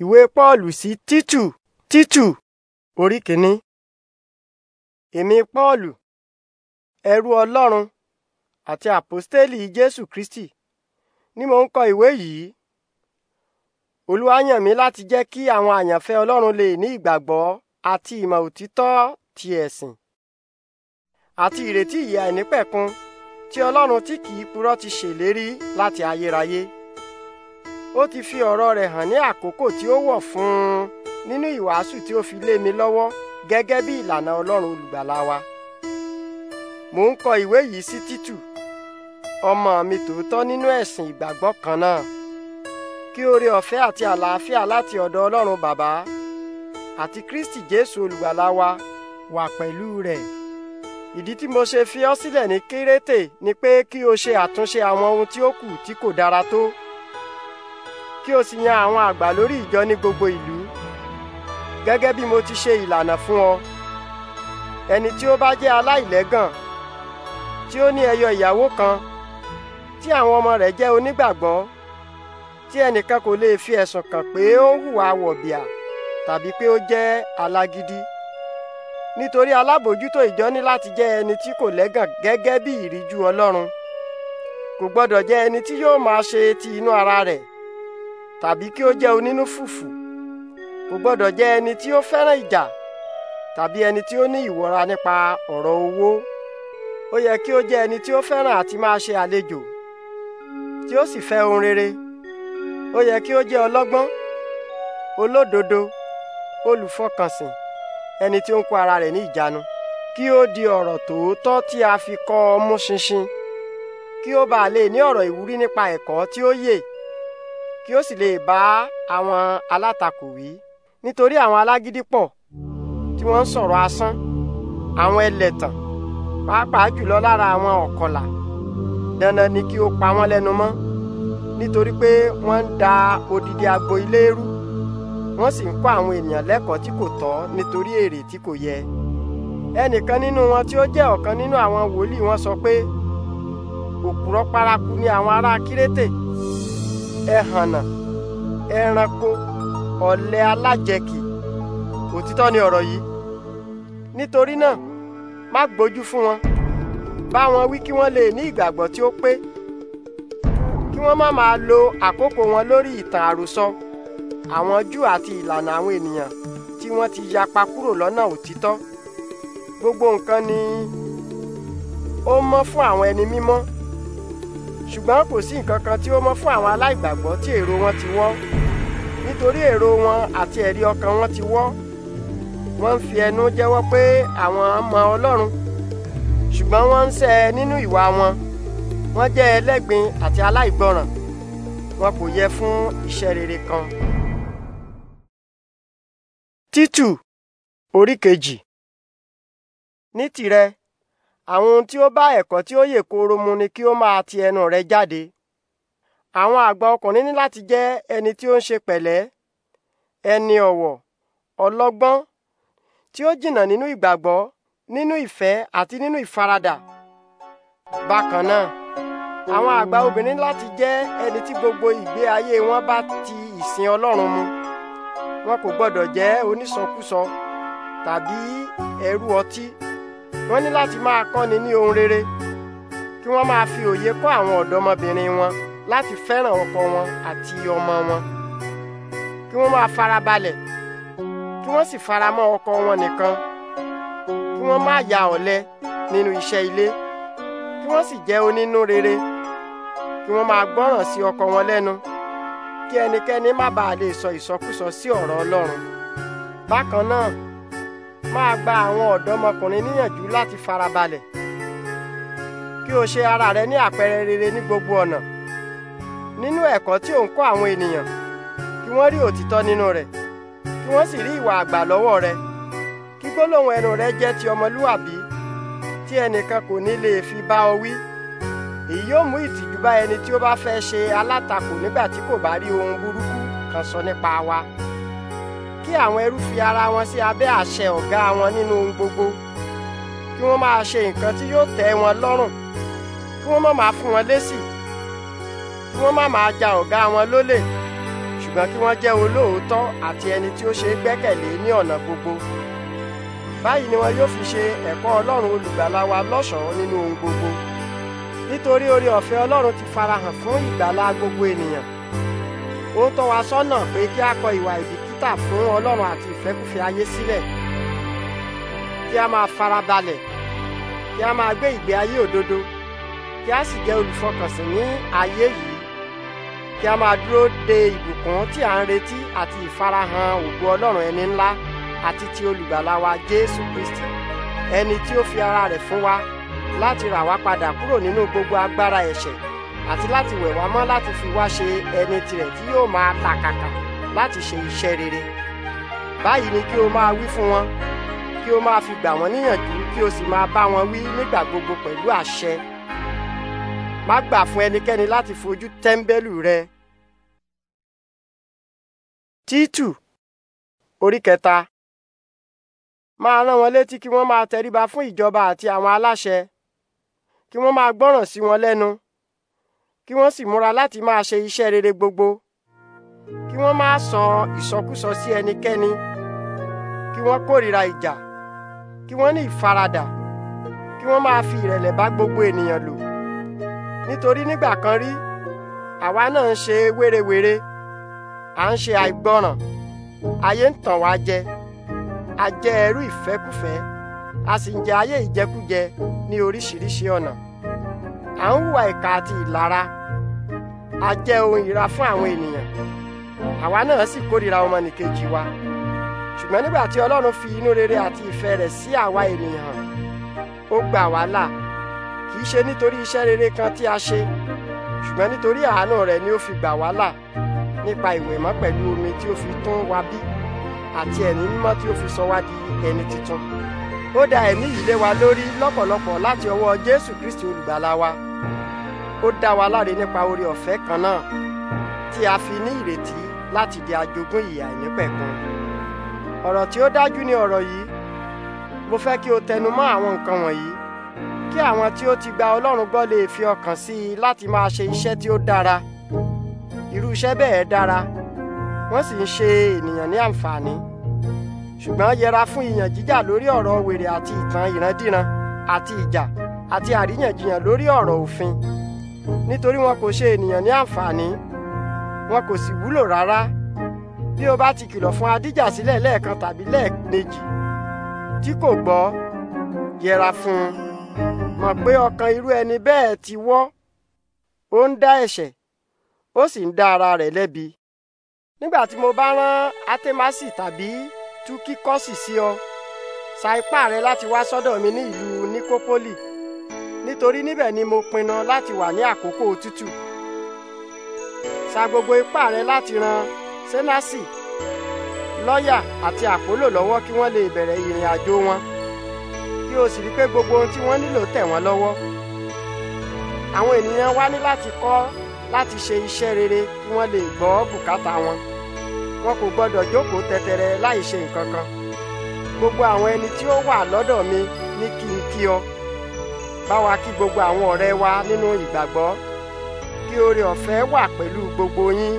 ìwé Pọ́ọ̀lù sí Títù Títù orí kìíní. èmi Pọ́ọ̀lù ẹrú Ọlọ́run àti àpọ́stélì Jésù Kristi ni mò ń kọ ìwé yìí Olúwa yàn mí láti jẹ́ kí àwọn àyànfẹ́ Ọlọ́run lè ní ìgbàgbọ́ àti ìmọ̀ òtítọ́ ti ẹ̀sìn àti ìrètí ìyè àìnípẹ̀kun tí Ọlọ́run tí kìí purọ́ ti ṣèlérí láti ayérayé ó ti fi ọ̀rọ̀ rẹ̀ hàn ní àkókò tí ó wọ̀ fún un nínú ìwàásù tí ó fi lé mi lọ́wọ́ gẹ́gẹ́ bí ìlànà Ọlọ́run olùgbàlà wa. Mò ń kọ ìwé yìí sí Títù, ọmọ mi tòótọ́ nínú ẹ̀sìn ìgbàgbọ́ kan náà. Kí oore ọ̀fẹ́ àti àlàáfíà láti ọ̀dọ̀ Ọlọ́run Bàbá àti Kristi Jésù olùgbàlà wa wà pẹ̀lú rẹ̀. Ìdí tí mo ṣe fi ọ́ sílẹ̀ ní Kírétè ni pé kí o ṣe àtúnṣe àwọn ohun tí ó kù tí kò dára tó kí o sì yan àwọn àgbà lórí ìjọ ní gbogbo ìlú gẹ́gẹ́ bí mo ti ṣe ìlànà fún ọ ẹni tí ó bá jẹ́ aláìlẹ́gàn tí ó ní ẹyọ ìyàwó kan tí àwọn ọmọ rẹ̀ jẹ́ onígbàgbọ́ tí ẹnìkan kò lè fi ẹ̀sùn kàn pé ó ń hùwà wọ̀bìà tàbí pé ó jẹ́ alágídí nítorí alábòójútó ìjọ ní láti jẹ́ ẹni tí kò lẹ́gàn gẹ́gẹ́ bí ìríjú Ọlọ́run kò gbọ́dọ̀ jẹ́ ẹni tí yóò máa ṣe ti inú ara rẹ̀ tàbí kí ó jẹ́ onínú fùfù kò gbọ́dọ̀ jẹ́ ẹni tí ó fẹ́ràn ìjà tàbí ẹni tí ó ní ìwọra nípa ọ̀rọ̀ owó ó yẹ kí ó jẹ́ ẹni tí ó fẹ́ràn àti máa ṣe àlejò tí ó sì fẹ́ ohun rere ó yẹ kí ó jẹ́ ọlọ́gbọ́n olódodo olùfọkànsìn ẹni tí ó ń kó ara rẹ̀ ní ìjánu kí ó di ọ̀rọ̀ tòótọ́ tí a fi kọ́ ọ mú ṣinṣin kí ó bàa lè ní ọ̀rọ̀ ìwúrí nípa ẹ̀kọ́ tí ó yè kí ó sì lè bá àwọn alátakò wí nítorí àwọn alágídí pọ̀ tí wọ́n ń sọ̀rọ̀ asán àwọn ẹlẹ̀tàn pàápàá jùlọ lára àwọn ọ̀kọ̀là dandan ni kí ó pa wọ́n lẹ́nu mọ́ nítorí pé wọ́n ń da odidi agbo ilé rú wọ́n sì ń kọ́ àwọn ènìyàn lẹ́kọ̀ọ́ tí kò tọ́ nítorí èrè tí kò yẹ ẹnìkan nínú wọn tí ó jẹ́ ọ̀kan nínú àwọn wòlíì wọn sọ pé òpùrọ́ paraku ni àwọn ará kírétè ẹhànnà ẹranko ọ̀lẹ alájẹkì òtítọ́ ni ọ̀rọ̀ yìí nítorí náà má gbójú fún wọn bá wọn wí kí wọ́n lè ní ìgbàgbọ́ tí ó pé kí wọ́n má máa lo àkókò wọn lórí ìtàn àròsọ àwọn Júù àti ìlànà àwọn ènìyàn tí wọ́n ti yapa kúrò lọ́nà òtítọ́ gbogbo nǹkan ni ó mọ́ fún àwọn ẹni mímọ́ ṣùgbọ́n kò sí nǹkan kan tí ó mọ́ fún àwọn aláìgbàgbọ́ tí èrò wọn ti wọ́ nítorí èrò wọn àti ẹ̀rí ọkàn wọn ti wọ́ wọ́n ń fi ẹnu jẹ́wọ́ pé àwọn mọ Ọlọ́run ṣùgbọ́n wọ́n ń ṣẹ nínú ìwà wọn wọ́n jẹ́ ẹlẹ́gbin àti aláìgbọràn wọn kò yẹ fún iṣẹ́ rere kan. títù orí kejì ní tìrẹ àwọn ohun tí ó bá ẹ̀kọ́ tí ó yè kooro mu ni kí ó máa ti ẹnu rẹ̀ jáde. Àwọn àgbà ọkùnrin ní láti jẹ́ ẹni tí ó ń ṣe pẹ̀lẹ́, ẹni ọ̀wọ̀, ọlọ́gbọ́n, tí ó jìnnà nínú ìgbàgbọ́, nínú ìfẹ́ àti nínú ìfaradà. Bákan náà, àwọn àgbà obìnrin láti jẹ́ ẹni tí gbogbo ìgbé ayé wọn bá ti ìsìn Ọlọ́run mu. Wọn kò gbọdọ̀ jẹ́ onísọkúsọ tàbí ẹrú ọtí wọ́n ní láti máa kọ́ni ní ohun rere kí wọ́n máa fi òye kọ́ àwọn ọ̀dọ́mọbìnrin wọn láti fẹ́ràn ọkọ wọn àti ọmọ wọn kí wọ́n máa farabalẹ̀ kí wọ́n sì faramọ́ ọkọ wọn nìkan kí wọ́n má ya ọ̀lẹ nínú iṣẹ́ ilé kí wọ́n sì jẹ́ onínú rere kí wọ́n máa gbọ́ràn sí ọkọ wọn lẹ́nu kí ẹnikẹ́ni má baà lè sọ ìsọkúsọ sí ọ̀rọ̀ Ọlọ́run bákan náà máa gba àwọn ọ̀dọ́mọkùnrin níyànjú láti farabalẹ̀ kí o ṣe ara rẹ ní àpẹẹrẹ rere ní gbogbo ọ̀nà nínú ẹ̀kọ́ tí ò ń kọ́ àwọn ènìyàn kí wọ́n rí òtítọ́ nínú rẹ̀ kí wọ́n sì rí ìwà àgbà lọ́wọ́ rẹ kí gbólóhùn ẹnu rẹ jẹ́ ti ọmọlúwàbí tí ẹnìkan kò ní lè fi bá ọ wí èyí yóò mú ìtìjú bá ẹni tí ó bá fẹ́ ṣe alátakò nígbà tí kò bá rí ohun burúkú kan sọ nípa wa kí àwọn ẹrú fi ara wọn sí abẹ́ àṣẹ ọ̀gá wọn nínú ohun gbogbo kí wọ́n máa ṣe nǹkan tí yóò tẹ́ wọn lọ́rùn kí wọ́n má máa fún wọn lésì kí wọ́n má máa ja ọ̀gá wọn lólè ṣùgbọ́n kí wọ́n jẹ́ olóòótọ́ àti ẹni tí ó ṣe é gbẹ́kẹ̀lé ní ọ̀nà gbogbo báyìí ni wọn yóò fi ṣe ẹ̀kọ́ Ọlọ́run olùgbàlà wa lọ́ṣọ̀ọ́ nínú ohun gbogbo nítorí oore ọ̀fẹ́ Ọlọ́run ti farahàn fún ìgbàlà gbogbo ènìyàn ó ń tọ́ wa sọ́nà pé kí a kọ ìwà ìbí bùkátà fún ọlọ́run àti ìfẹ́kùfẹ́ ayé sílẹ̀ kí a máa farabalẹ̀ kí a máa gbé ìgbé ayé òdodo kí a sì jẹ́ olùfọkànsìn ní ayé yìí kí a máa dúró de ìbùkún tí à ń retí àti ìfarahàn ògo ọlọ́run ẹni ńlá àti ti olùgbàlà wa jésù kristi ẹni tí ó fi ara rẹ̀ fún wa láti rà wá padà kúrò nínú gbogbo agbára ẹ̀ṣẹ̀ àti láti wẹ̀ wá mọ́ láti fi wá ṣe ẹni tirẹ̀ tí yóò máa tàkàkà láti ṣe iṣẹ́ rere báyìí ni kí o máa wí fún wọn kí o máa fi gbà wọ́n níyànjú kí o sì máa bá wọn wí nígbà gbogbo pẹ̀lú àṣẹ má gbà fún ẹnikẹ́ni láti fojú tẹ́ḿbẹ́lú rẹ. títù orí kẹta máa rán wọn létí kí wọ́n máa tẹríba fún ìjọba àti àwọn aláṣẹ kí wọ́n máa gbọ́ràn sí wọn lẹ́nu kí wọ́n sì múra láti máa ṣe iṣẹ́ rere gbogbo kí wọ́n má sọ ìsọkúsọ sí ẹnikẹ́ni kí wọ́n kórìíra ìjà kí wọ́n ní ìfaradà kí wọ́n máa fi ìrẹ̀lẹ̀ bá gbogbo ènìyàn lò nítorí nígbà kan rí àwa náà ń ṣe wérewère à ń ṣe àìgbọràn ayé ń tàn wá jẹ a jẹ ẹrú ìfẹ́kúfẹ̀ẹ́ a sì ń jẹ ayé ìjẹkújẹ ní oríṣiríṣi ọ̀nà à ń hùwà ìkà àti ìlara a jẹ́ ohun ìra fún àwọn ènìyàn àwa náà sì kórìíra ọmọnìkejì wa ṣùgbọ́n nígbà tí Ọlọ́run fi inú rere àti ìfẹ́ rẹ̀ sí àwa ènìyàn hàn ó gbà wá là kì í ṣe nítorí iṣẹ́ rere kan tí a ṣe ṣùgbọ́n nítorí àánú rẹ̀ ni ó fi gbà wá là nípa ìwẹ̀mọ́ pẹ̀lú omi tí ó fi tún wa bí àti ẹ̀mí mímọ́ tí ó fi sọ wá di ẹni tuntun ó da ẹ̀mí yìí lé wa lórí lọ́pọ̀lọpọ̀ láti ọwọ́ Jésù Kristi olùgbàlà wa ó dá wa láre nípa oore ọ̀fẹ́ kan náà tí a fi ní ìrètí láti di ajogún ìyà àìnípẹ̀kun. ọ̀rọ̀ tí ó dájú ni ọ̀rọ̀ yìí mo fẹ́ kí o tẹnu mọ́ àwọn nǹkan wọ̀nyí kí àwọn tí ó ti gba Ọlọ́run gbọ́ lè fi ọkàn sí i láti máa ṣe iṣẹ́ tí ó dára irú iṣẹ́ bẹ́ẹ̀ dára wọ́n sì ń ṣe ènìyàn ní àǹfààní ṣùgbọ́n yẹra fún ìyàn jíjà lórí ọ̀rọ̀ wèrè àti ìtàn ìrandíran àti ìjà àti àríyànjiyàn lórí ọ̀rọ̀ òfin nítorí wọn kò ṣe ènìyàn ní àǹfààní wọn kò sì wúlò rárá bí o bá ti kìlọ̀ fún adíjà sílẹ̀ lẹ́ẹ̀kan tàbí lẹ́ẹ̀mejì tí kò gbọ́ yẹra fún un mọ̀ pé ọkàn irú ẹni bẹ́ẹ̀ ti wọ́ ó ń dá ẹ̀ṣẹ̀ ó sì ń dá ara rẹ̀ lẹ́bi nígbà tí mo bá rán atémásì tàbí túkíkọ́sì sí ọ sa ipá rẹ láti wá sọ́dọ̀ mi ní ìlú nikopoli nítorí níbẹ̀ ni mo pinnu láti wà ní àkókò òtútù sa gbogbo ipá rẹ láti ran sẹ́násì lọ́yà àti àpólò lọ́wọ́ kí wọ́n lè bẹ̀rẹ̀ ìrìn àjò wọn kí o sì rí pé gbogbo ohun tí wọ́n nílò tẹ̀ wọ́n lọ́wọ́ àwọn ènìyàn wa ní láti kọ́ láti ṣe iṣẹ́ rere kí wọ́n lè gbọ́ bùkátà wọn wọn kò gbọ́dọ̀ jókòó tẹtẹrẹ láì ṣe nǹkan kan gbogbo àwọn ẹni tí ó wà lọ́dọ̀ mi ní kí n kí ọ bá kí gbogbo àwọn ọ̀rẹ́ wa nínú ìgbàgbọ́ kí oore ọ̀fẹ́ wà pẹ̀lú gbogbo yín.